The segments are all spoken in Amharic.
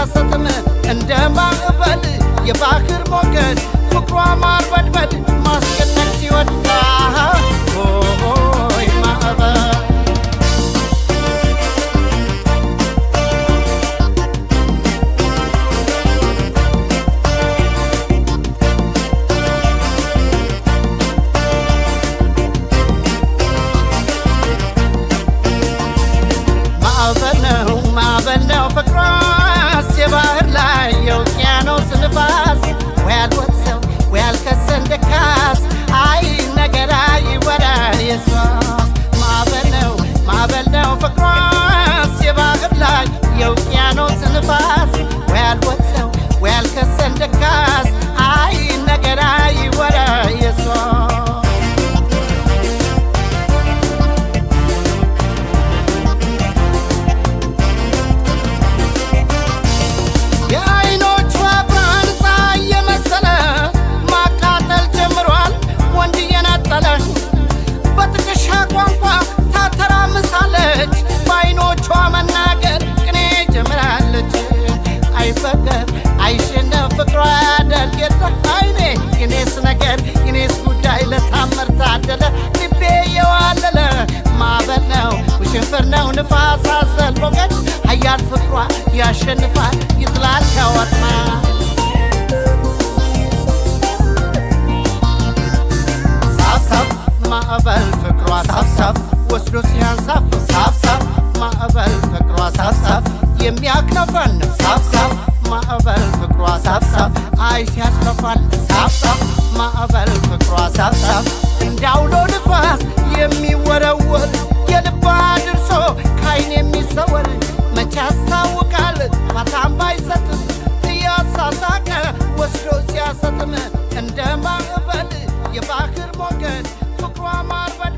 ሲያሰጥም እንደ ማዕበል የባህር ሞገድ ፍቅሯ ማርበድበድ ማስገ far ወስዶ ሲያንሳፍ ሳብሳብ ማዕበል ፍቅሯ ሳብሳብ የሚያክነፈን ሳብሳብ ማዕበል ፍቅሯ ሳብሳብ አይ ሲያስከፋል ሳብሳብ ማዕበል ፍቅሯ ሳብሳብ እንዳውሎ ንፋስ የሚወረወር የልባ ድርሶ ካይን የሚሰወል መቼ ያስታውቃል ማታም ባይሰጥም እያሳሳቀ ወስዶ ሲያሰጥም እንደ ማዕበል የባህር ሞገድ ፍቅሯ ማርበድ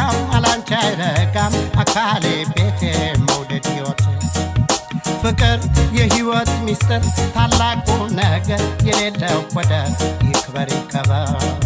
አልነቃም አላንቺ አይረጋም አካሌ ቤቴ መውደድ ሕይወት ፍቅር የሕይወት ሚስጥር ታላቁ ነገር የሌለው ወደ ይክበር ይከበር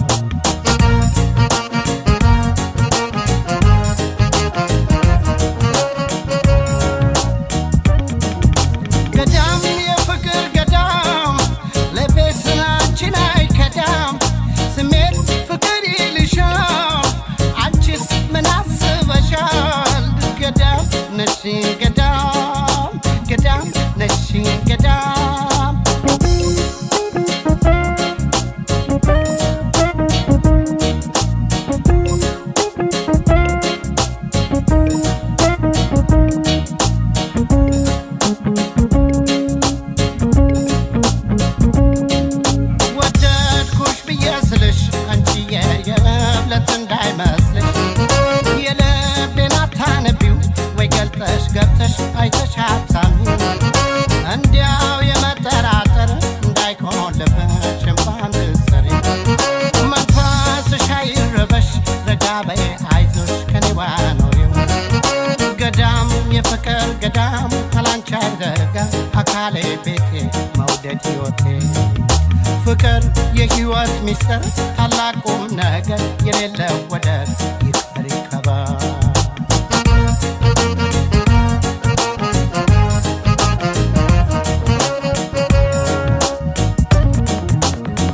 ፍቅር የህይወት ሚስጥር ታላቁም ነገር የሌለ ወደር ይፍቅር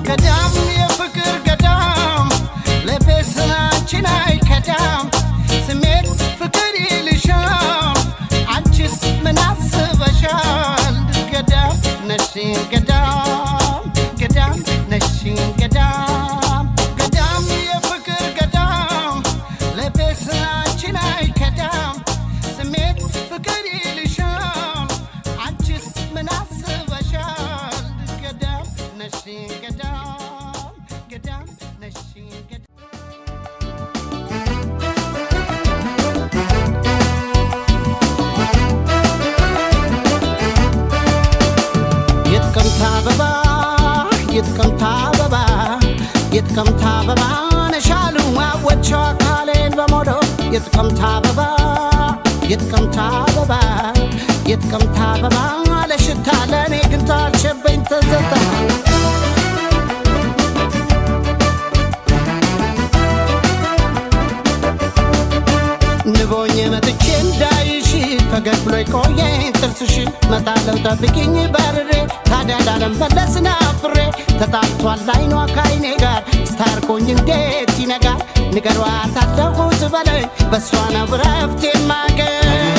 ገዳም የፍቅር ገዳም ለቤስናችን አይከዳም ስሜት ፍቅር ይልሻል አንቺስ ምን አስበሻል ገዳም ነሽን አበባ የጥቅምት አበባ አበባ ነሻሉ አወቸው አካሌን በሞዶ የጥቅምት አበባ ለሽታ ለእኔ ግን ታልሸበኝ ተዘታ ንቦኝ መጥ ፈገግ ብሎ ቆየ ጥርስሽን መጣለው ጠብቂኝ በርሬ ታዲያ ዳለም መለስና ፍሬ ተጣልቷል አይኗ ካይኔ ጋር ስታርቆኝ እንዴት ይነጋል ንገሯት አለሁት በለኝ በእሷ ነው ረፍቴ ማገኝ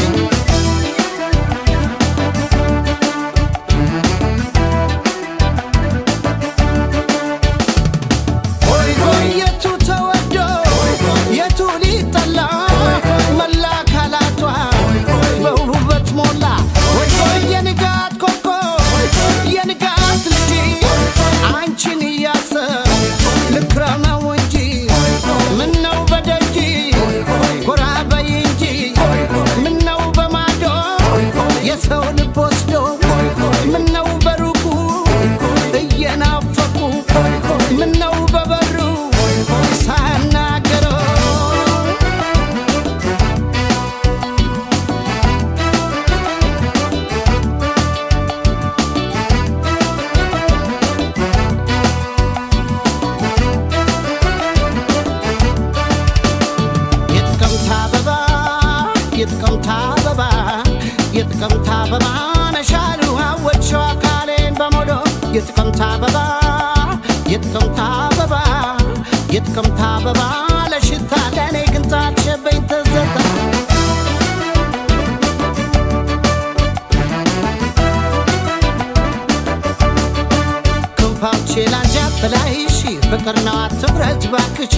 Get some ta ba ba. Yet come ta ba ba. Yet come ta ba ba. ፍቅር ነው አትብረጅ ባክሽ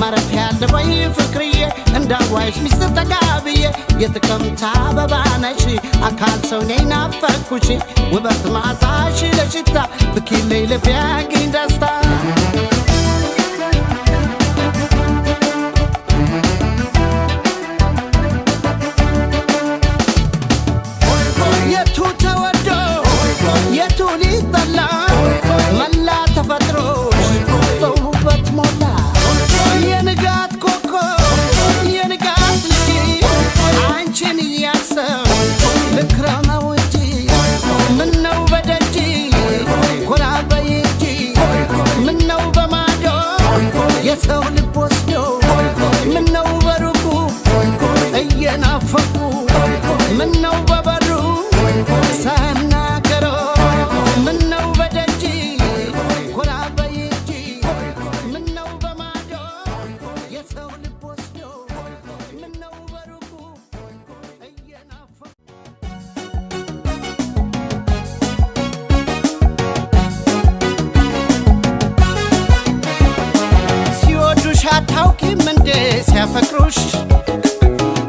ማረፍ ያለበይ ፍቅርዬ እንዳዋይሽ ሚስጥር ተጋብዬ የጥቅምት አበባ ነሽ አካል ሰው ነኝ ናፈኩሽ ውበት ማዛሽ ለሽታ ብኪለይ ልቤ ያግኝ ደስታ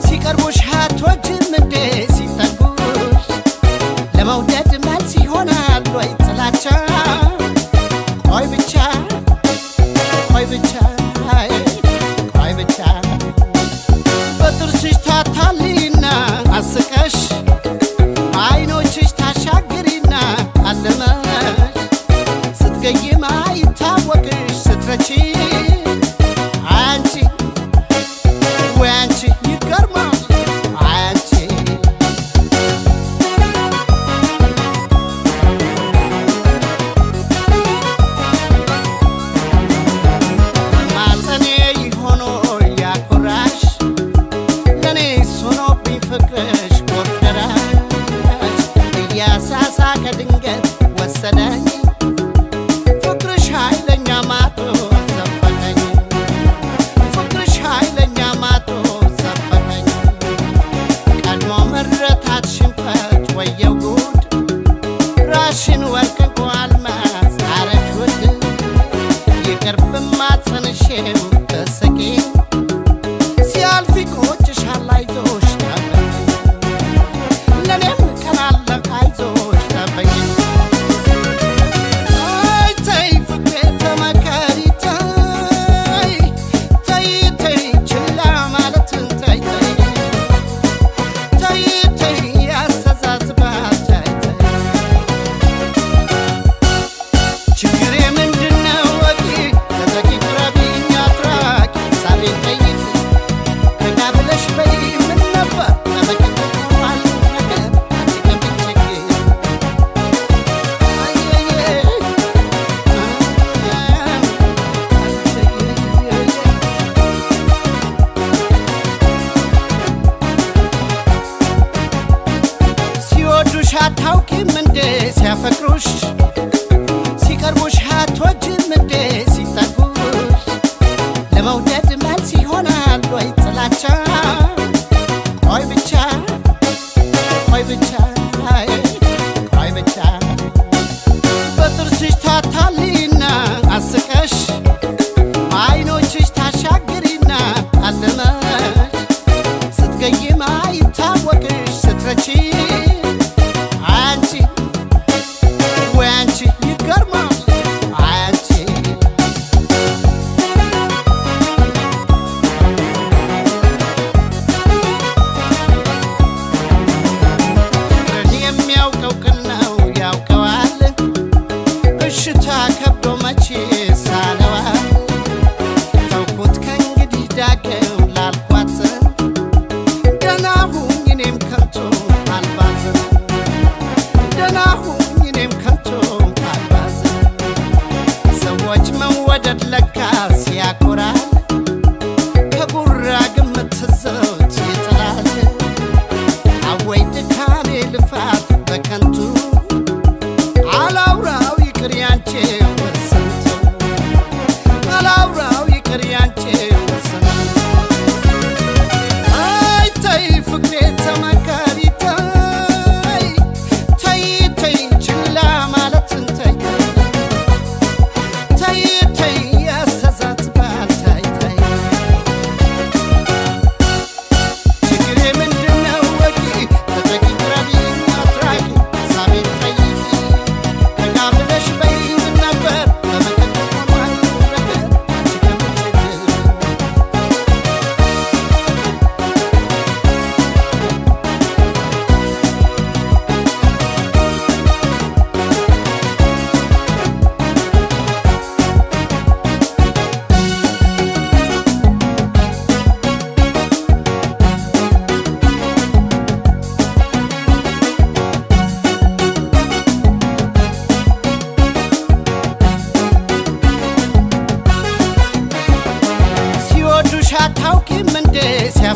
ሲቀርቡሽ ሀቶጅ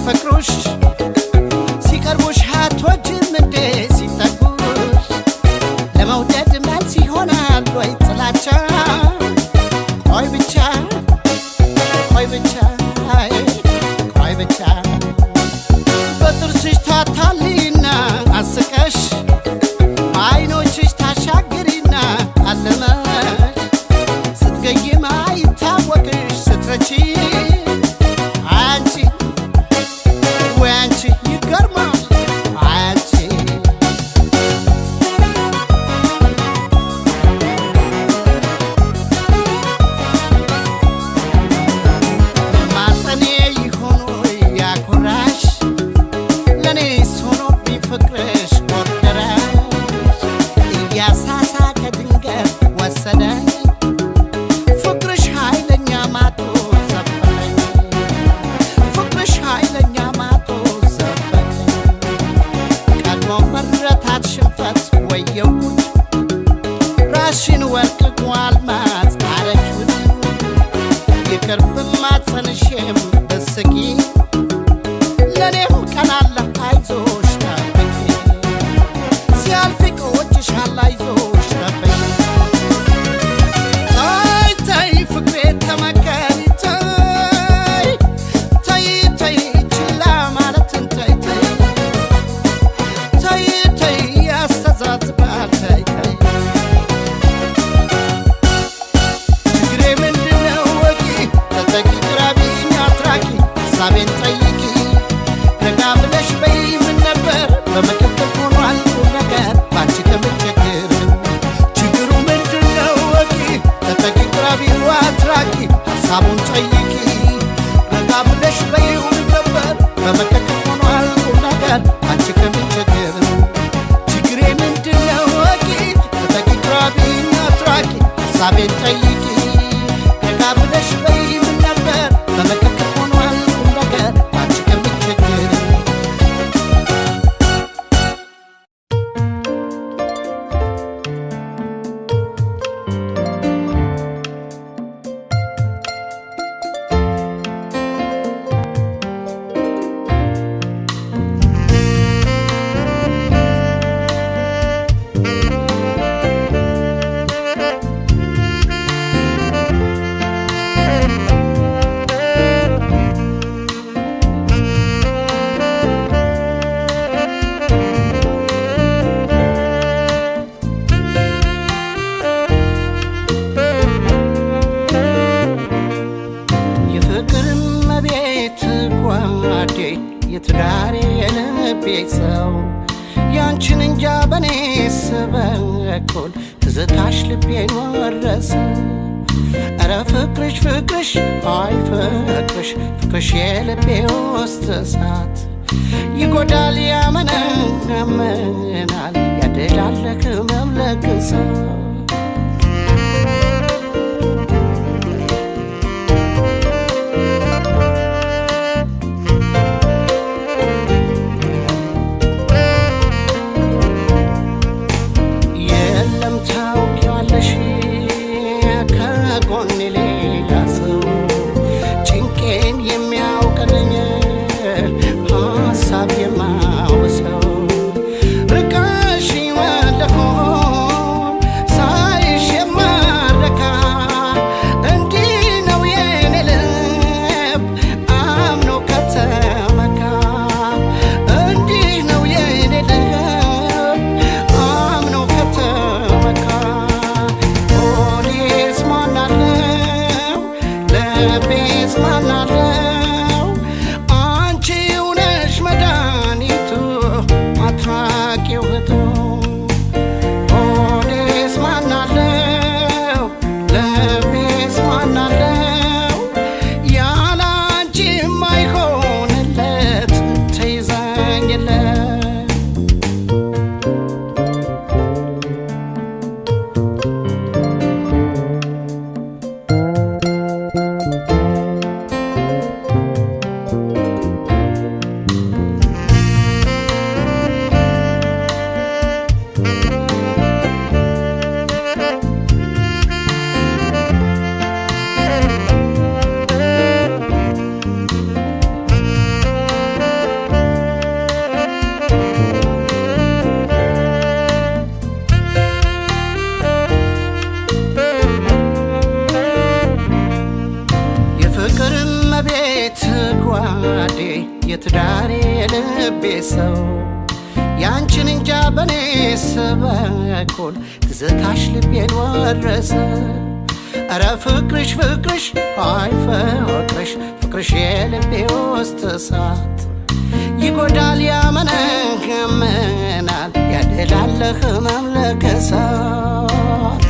Rafa Cruz. የትዳሬ የልቤ ሰው ያንቺን እንጃ በኔ ስበኩል ትዝታሽ ልቤን ወረሰ። እረ ፍቅርሽ ፍቅርሽ አይ ፍቅርሽ ፍቅርሽ የልቤ ውስጥ እሳት ይጎዳል ያመነህምናል ያደላለህ መምለከሳት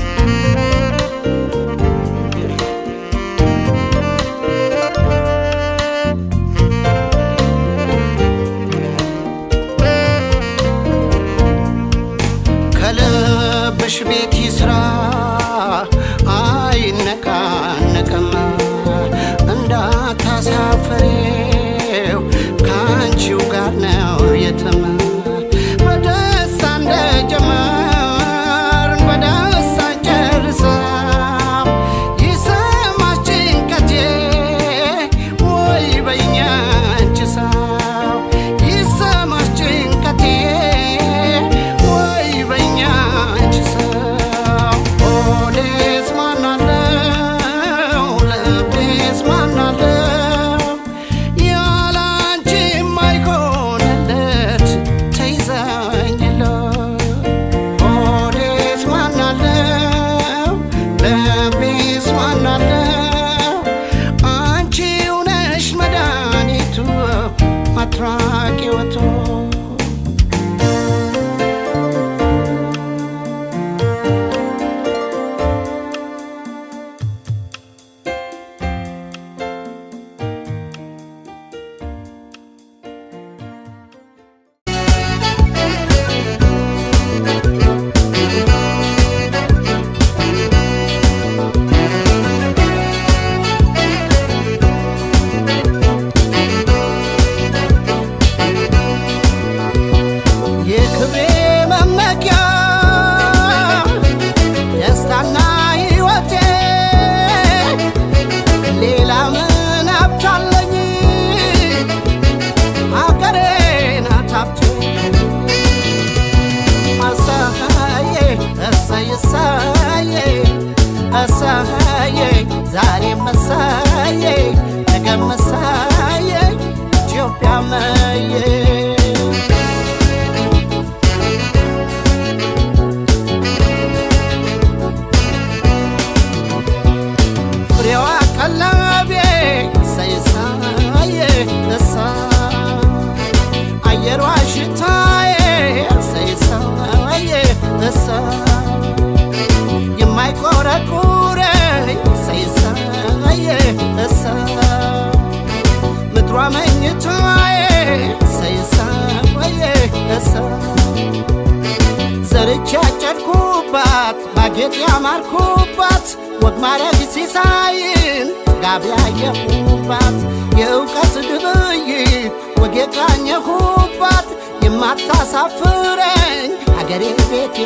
ሀገሬ ቤቴ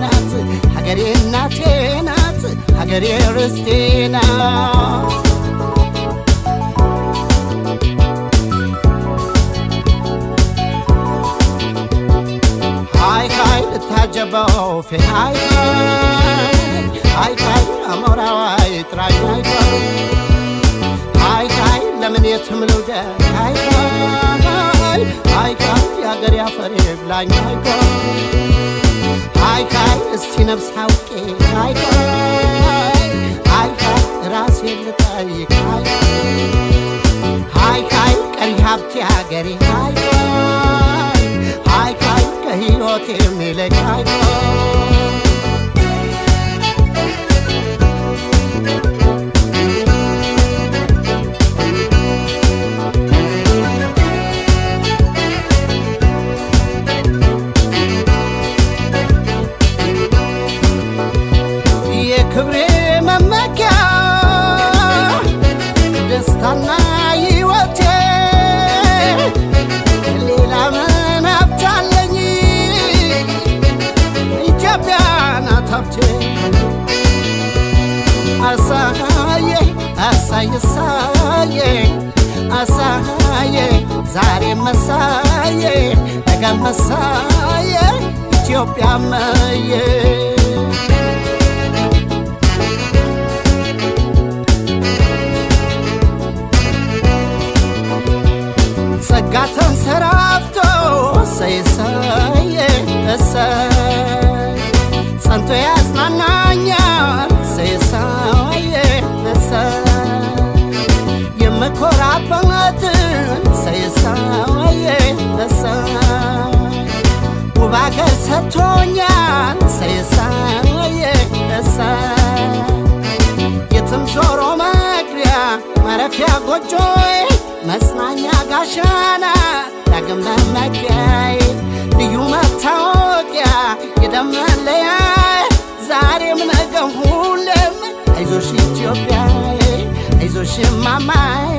ናት፣ ሀገሬ እናቴ ናት፣ ሀገሬ ርስቴ ናት። ሃይ ሃይ ልታጀበው ፌ ሃይ አሞራዋይ ጥራይ ሃይ ለምን የትም ልውደ ሃይ የአገሬ አፈር ብላኝ ሃይ አይካል እስቲ ነፍስ አውቄ አይካል አይካል ራሴ ልጠይቅ አይካል ቀሪ ሀብቴ ሀገሬ አይካል አይካል ከህይወቴ ሚለቅ አይካል ከቶኛል ሰይሳዬ እሳ የትም ዞሮ መግቢያ ማረፊያ ጎጆዬ መጽናኛ ጋሻና ዳግም መመኪያዬ ልዩ መታወቂያ የደም መለያዬ ዛሬም ነገም ሁሌም አይዞሽ ኢትዮጵያዬ አይዞሽ ማማዬ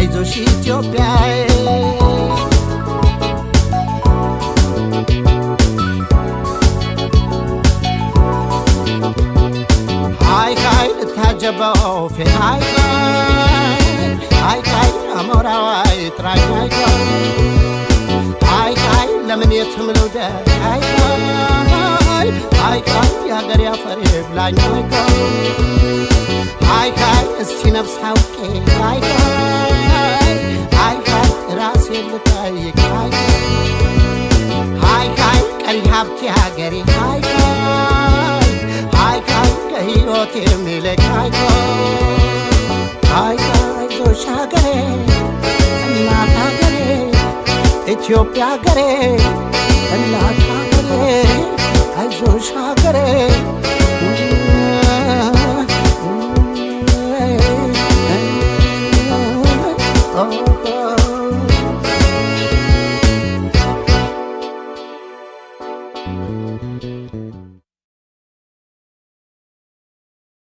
አይዞሽ ኢትዮጵያዬ ታጀበው ፌናይ አይቃይ አሞራዋይ ጥራይ አይቃይ ለምን የትም ልውደ አይቃይ አይቃይ የሀገር ያፈሬ ብላኝ እስቲ አውቄ ራሴ ልጠይቅ አይቃይ አይቃይ ቀሪ ሀብቴ ሀገሬ के मिले काय जो शागरे अल्लाह प्या करे अल्लाह ठाकरे आज जो शागरे